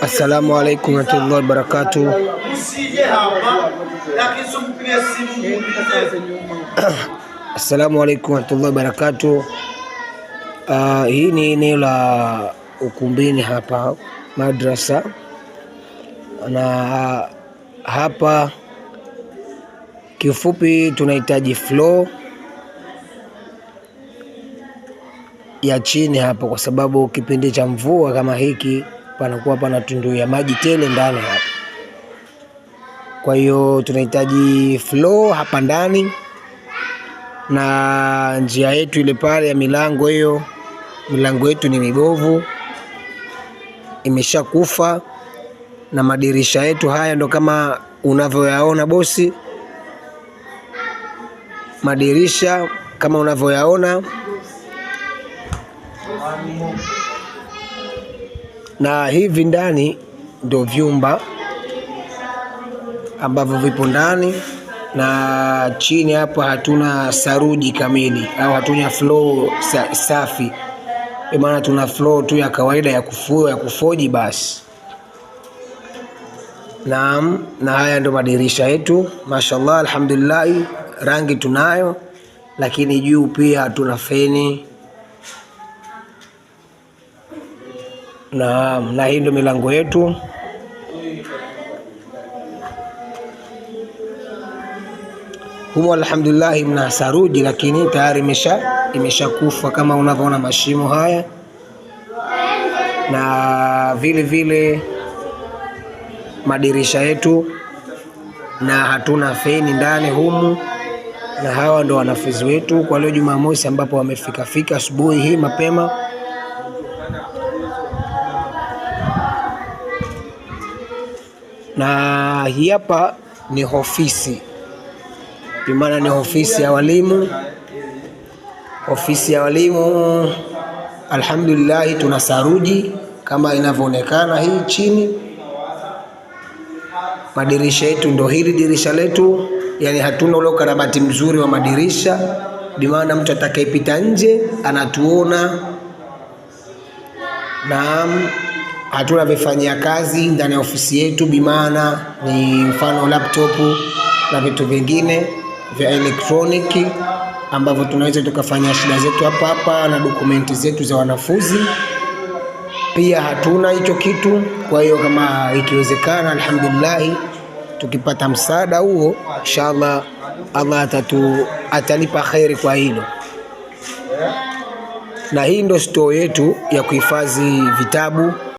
Assalamu alaikum warahmatullahi wabarakatuh. Assalamu alaikum warahmatullahi wabarakatuh. Uh, hii ni eneo la ukumbini hapa madrasa na hapa kifupi tunahitaji floor ya chini hapo, kwa sababu kipindi cha mvua kama hiki panakuwa pana tundu ya maji tele ndani hapa. Kwa hiyo tunahitaji flow hapa ndani na njia yetu ile pale ya milango hiyo, milango yetu ni mibovu, imeshakufa na madirisha yetu haya ndo kama unavyoyaona bosi, madirisha kama unavyoyaona na hivi ndani ndio vyumba ambavyo vipo ndani, na chini hapa hatuna saruji kamili au hatuna flow sa safi, maana tuna flow tu ya kawaida ya kufua ya kufoji basi. Naam, na haya ndio madirisha yetu, mashallah, alhamdulillah, rangi tunayo, lakini juu pia hatuna feni. na, na hii ndio milango yetu. Humo alhamdulillah, mna saruji lakini tayari imesha imeshakufa kama unavyoona mashimo haya, na vile vile madirisha yetu, na hatuna feni ndani humu. Na hawa ndo wanafunzi wetu kwa leo Jumamosi, ambapo wamefikafika asubuhi hii mapema. na hii hapa ni ofisi, bimaana ni ofisi ya walimu. Ofisi ya walimu, alhamdulillahi tuna saruji kama inavyoonekana hii chini. Madirisha yetu ndo hili dirisha letu, yani hatuna ule ukarabati mzuri wa madirisha, bimaana mtu atakayepita nje anatuona. Naam hatuna vifanyia kazi ndani ya ofisi yetu, bimaana ni mfano laptop na vitu vingine vya elektroniki ambavyo tunaweza tukafanya shida zetu hapa hapa na dokumenti zetu za wanafunzi pia hatuna hicho kitu. Kwa hiyo kama ikiwezekana, alhamdulillah, tukipata msaada huo, inshallah Allah atatu atalipa khairi kwa hilo. Na hii ndo store yetu ya kuhifadhi vitabu.